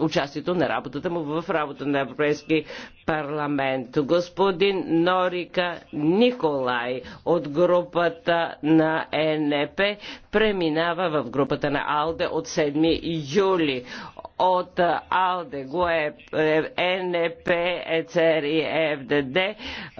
участието на работата му в работа на Европейски парламент. Господин Норика Николай от групата на ЕНП преминава в групата на АЛДЕ от 7 юли. От АЛДЕ, ГОЕ, ЕНП, ЕЦР и ЕФДД